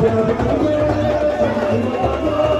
Thank you.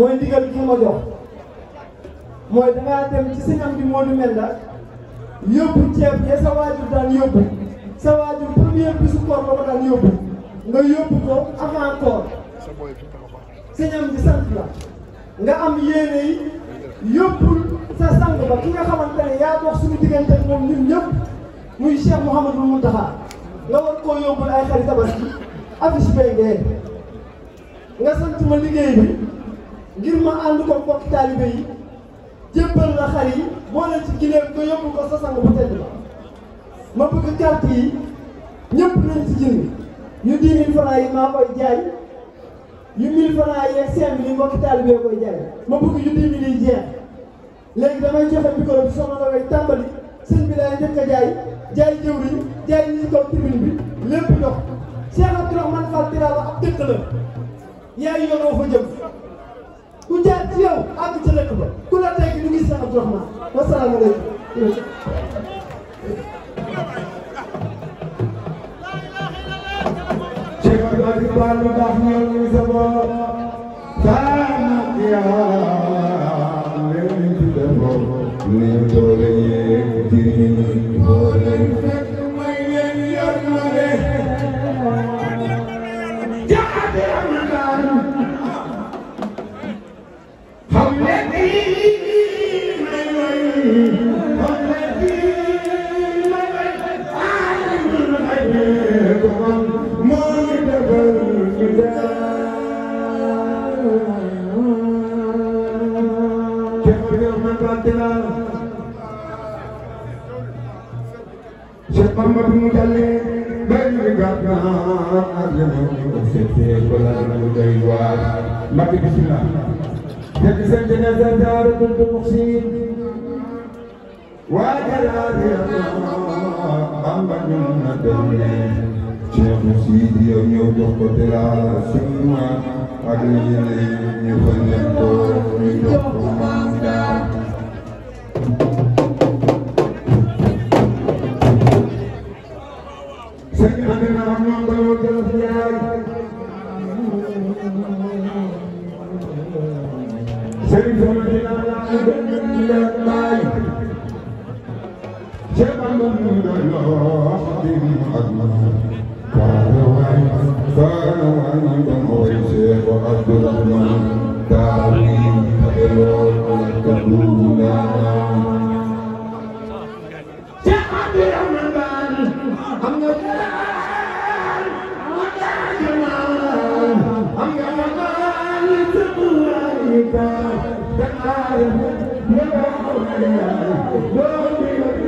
mooy ndigal bi ma jox mooy dangaa dem ci sëñ Amdi Modou Menda yóbbu ceeb ya sa waajur daan yóbbu sa daan yóbbu nga yóbbu ko avant koor sëñ Amdi sant la nga am yéene yi yóbbul sa sang ki nga xamante ne yaa dox suñu diggante ak moom ñun ñëpp muy Cheikh Mouhamadou Mountakha nga war koo yóbbul ay xari tabaski affiche bay ngeen nga sant ma liggéey bi ngir ma ànd ko mbokk taalibe yi jébbal na xar yi moo leen ci gileem nga yóbbu ko sa sang bu tedd ma bëgg carte yi ñëpp nañ ci jënd yu dix mille francs yi maa koy jaay yu mille francs yeeg cinq yi mbokki taalibe koy jaay ma bëgg yu dix mille jeex léegi damay joxe micro bi soxna la koy tàmbali sëñ bi laay njëkk a jaay jaay jëwriñ jaay ñi kaw tribune bi lépp dox Cheikh Abdourahmane Fall Tiraba ab dëkk la yaay yoonoo fa jëm ku jaar yow àgg ca dëkk ku la teg ñu ngi Cheikh Abdourahmane wasalaamaaleykum Cheikh Abdourahmane baax na baax na ñu ngi sa bopp محمد مجلي بين قدنا أجمعين كل المديوات ما في بسم الله تجسم جنازة دار ضد المحسنين وجلالي محمد مجلي شيخ سيدي يوم يوم تلا سنوا أجمعين يفنن دور يوم sëñ Amina am na mbooloo Jolof Njaay sëñ Famadina laa ñu gën ñu leen bàyyi sëñ Amina loo xam ne ak man kaara waay kaara waay man ba mooy Cheikh Abdourahmane daal di xeloo ak Thank you.